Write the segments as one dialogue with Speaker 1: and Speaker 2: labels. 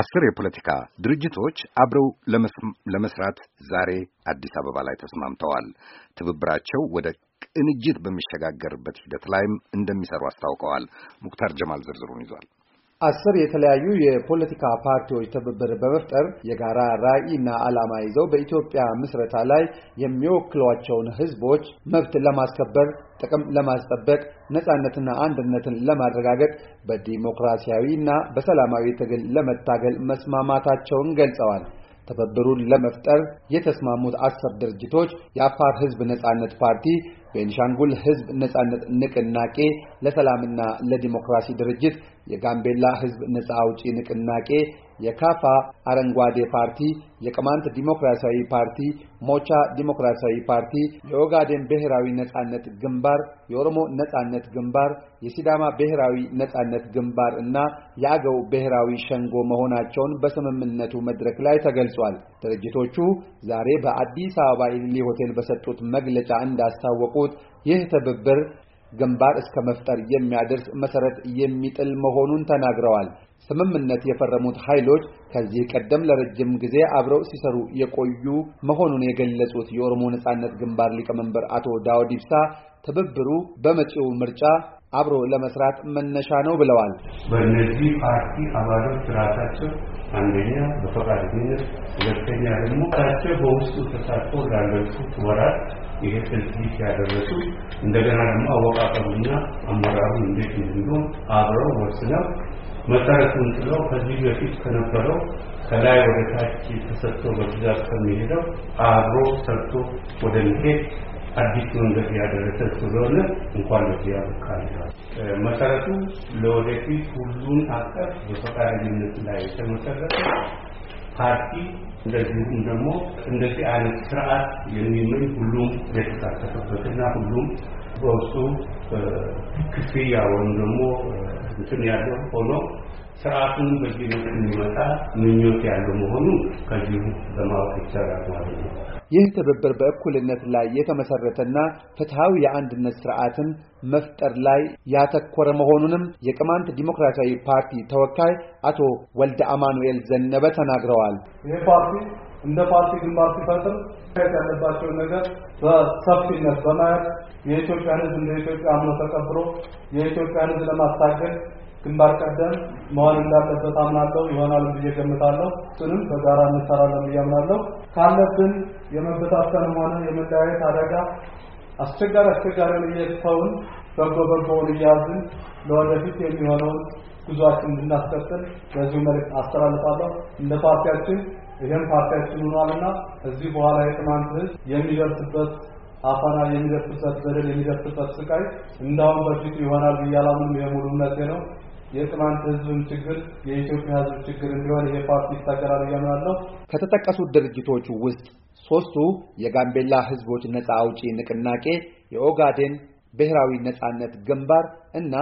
Speaker 1: አስር የፖለቲካ ድርጅቶች አብረው ለመስራት ዛሬ አዲስ አበባ ላይ ተስማምተዋል። ትብብራቸው ወደ ቅንጅት በሚሸጋገርበት ሂደት ላይም እንደሚሰሩ አስታውቀዋል። ሙክታር ጀማል ዝርዝሩን ይዟል። አስር የተለያዩ የፖለቲካ ፓርቲዎች ትብብር በመፍጠር የጋራ ራዕይና ዓላማ ይዘው በኢትዮጵያ ምስረታ ላይ የሚወክሏቸውን ሕዝቦች መብት ለማስከበር፣ ጥቅም ለማስጠበቅ፣ ነጻነትና አንድነትን ለማረጋገጥ በዲሞክራሲያዊና በሰላማዊ ትግል ለመታገል መስማማታቸውን ገልጸዋል። ትብብሩን ለመፍጠር የተስማሙት አስር ድርጅቶች የአፋር ሕዝብ ነጻነት ፓርቲ፣ ቤንሻንጉል ሕዝብ ነጻነት ንቅናቄ ለሰላምና ለዲሞክራሲ ድርጅት፣ የጋምቤላ ሕዝብ ነፃ አውጪ ንቅናቄ፣ የካፋ አረንጓዴ ፓርቲ፣ የቅማንት ዲሞክራሲያዊ ፓርቲ፣ ሞቻ ዲሞክራሲያዊ ፓርቲ፣ የኦጋዴን ብሔራዊ ነፃነት ግንባር፣ የኦሮሞ ነፃነት ግንባር፣ የሲዳማ ብሔራዊ ነፃነት ግንባር እና የአገው ብሔራዊ ሸንጎ መሆናቸውን በስምምነቱ መድረክ ላይ ተገልጿል። ድርጅቶቹ ዛሬ በአዲስ አበባ ኢሊሊ ሆቴል በሰጡት መግለጫ እንዳስታወቁት ይህ ትብብር ግንባር እስከ መፍጠር የሚያደርስ መሰረት የሚጥል መሆኑን ተናግረዋል። ስምምነት የፈረሙት ኃይሎች ከዚህ ቀደም ለረጅም ጊዜ አብረው ሲሰሩ የቆዩ መሆኑን የገለጹት የኦሮሞ ነጻነት ግንባር ሊቀመንበር አቶ ዳውድ ኢብሳ ትብብሩ በመጪው ምርጫ አብሮ ለመስራት መነሻ ነው ብለዋል።
Speaker 2: በእነዚህ ፓርቲ አባሎች ራሳቸው አንደኛ በፈቃደኝነት፣ ሁለተኛ ደግሞ ራሳቸው በውስጡ ተሳትፎ ላለፉት ወራት ይሄ ትንሽ ያደረሱ እንደገና ደግሞ አወቃቀሩና አመራሩ እንዴት እንደሆነ አብረው ወስነው መሰረቱን ጥለው ከዚህ በፊት ከነበረው ከላይ ወደ ታች ተሰጥቶ በብዛት ከሚሄደው አብሮ ሰርቶ ወደ መሄድ አዲስ መንገድ ያደረሰ ስለሆነ እንኳን ለዚህ ያበቃል። መሰረቱ ለወደፊት ሁሉን አቀፍ በፈቃደኝነት ላይ የተመሰረተ ፓርቲ እንደዚሁም ደግሞ እንደዚህ አይነት ስርዓት የሚመኝ ሁሉም የተሳተፈበትና ሁሉም በውስጡ ክፍያ ወይም ደግሞ እንትን ያለው ሆኖ ስርዓቱን በዚህ ልክ እንዲመጣ ምኞት ያለው መሆኑ ከዚሁ በማወቅ ይቻላል ማለት ነው። ይህ ትብብር
Speaker 1: በእኩልነት ላይ የተመሰረተና ፍትሃዊ የአንድነት ስርዓትን መፍጠር ላይ ያተኮረ መሆኑንም የቅማንት ዲሞክራሲያዊ ፓርቲ ተወካይ አቶ ወልደ አማኑኤል ዘነበ ተናግረዋል።
Speaker 3: ይህ ፓርቲ እንደ ፓርቲ ግንባር ሲፈጥር ያለባቸውን ነገር በሰፊነት በማየት የኢትዮጵያን ህዝብ እንደ ኢትዮጵያ አምኖ ተቀብሎ የኢትዮጵያን ህዝብ ለማስታገል ግንባር ቀደም መሆን እንዳለበት አምናለሁ። ይሆናል ብዬ ገምታለሁ። እሱንም በጋራ እንሰራለን ብዬ አምናለሁ። ካለብን የመበታተንም ሆነ የመለያየት አደጋ አስቸጋሪ አስቸጋሪውን እየተውን በጎ በጎውን እያዝን ለወደፊት የሚሆነውን ጉዟችን እንድናስቀጥል በዚሁ መልዕክት አስተላልፋለሁ። እንደ ፓርቲያችን ይህም ፓርቲያችን ሆኗልና እዚህ በኋላ የቅማንት ህዝብ የሚደርስበት አፈና የሚደርስበት በደል የሚደርስበት ስቃይ እንዳሁን በፊቱ ይሆናል ብያላምንም የሙሉነቴ ነው። የቅማንት ህዝብን ችግር የኢትዮጵያ ህዝብ ችግር እንዲሆን ይሄ ፓርቲ ይታገላል እያምናለሁ።
Speaker 1: ከተጠቀሱት ድርጅቶች ውስጥ ሶስቱ የጋምቤላ ህዝቦች ነፃ አውጪ ንቅናቄ፣ የኦጋዴን ብሔራዊ ነፃነት ግንባር እና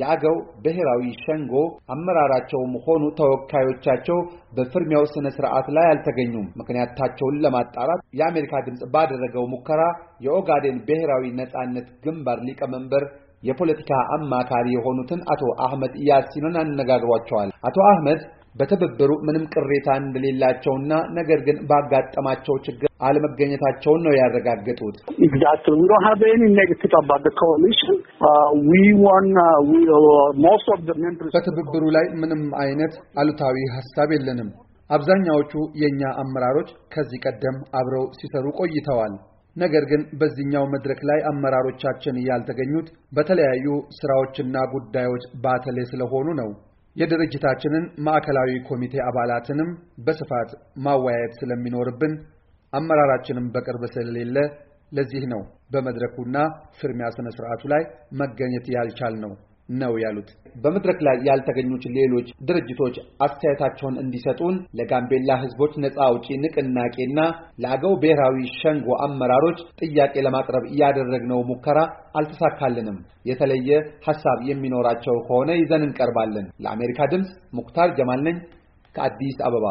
Speaker 1: የአገው ብሔራዊ ሸንጎ አመራራቸውም ሆኑ ተወካዮቻቸው በፍርሚያው ስነ ስርዓት ላይ አልተገኙም። ምክንያታቸውን ለማጣራት የአሜሪካ ድምፅ ባደረገው ሙከራ የኦጋዴን ብሔራዊ ነጻነት ግንባር ሊቀመንበር የፖለቲካ አማካሪ የሆኑትን አቶ አህመድ ያሲንን አነጋግሯቸዋል። አቶ አህመድ በትብብሩ ምንም ቅሬታ እንደሌላቸውና ነገር ግን ባጋጠማቸው ችግር አለመገኘታቸውን ነው ያረጋገጡት። uh, uh, uh, በትብብሩ ላይ ምንም አይነት አሉታዊ ሀሳብ የለንም። አብዛኛዎቹ የእኛ አመራሮች ከዚህ ቀደም አብረው ሲሰሩ ቆይተዋል። ነገር ግን በዚህኛው መድረክ ላይ አመራሮቻችን ያልተገኙት በተለያዩ ስራዎችና ጉዳዮች ባተሌ ስለሆኑ ነው። የድርጅታችንን ማዕከላዊ ኮሚቴ አባላትንም በስፋት ማወያየት ስለሚኖርብን አመራራችንም በቅርብ ስለሌለ ለዚህ ነው በመድረኩና ፍርሚያ ስነ ስርዓቱ ላይ መገኘት ያልቻል ነው። ነው ያሉት። በመድረክ ላይ ያልተገኙት ሌሎች ድርጅቶች አስተያየታቸውን እንዲሰጡን ለጋምቤላ ሕዝቦች ነጻ አውጪ ንቅናቄና ለአገው ብሔራዊ ሸንጎ አመራሮች ጥያቄ ለማቅረብ ያደረግነው ሙከራ አልተሳካልንም። የተለየ ሀሳብ የሚኖራቸው ከሆነ ይዘን እንቀርባለን። ለአሜሪካ ድምፅ ሙክታር ጀማል ነኝ ከአዲስ አበባ።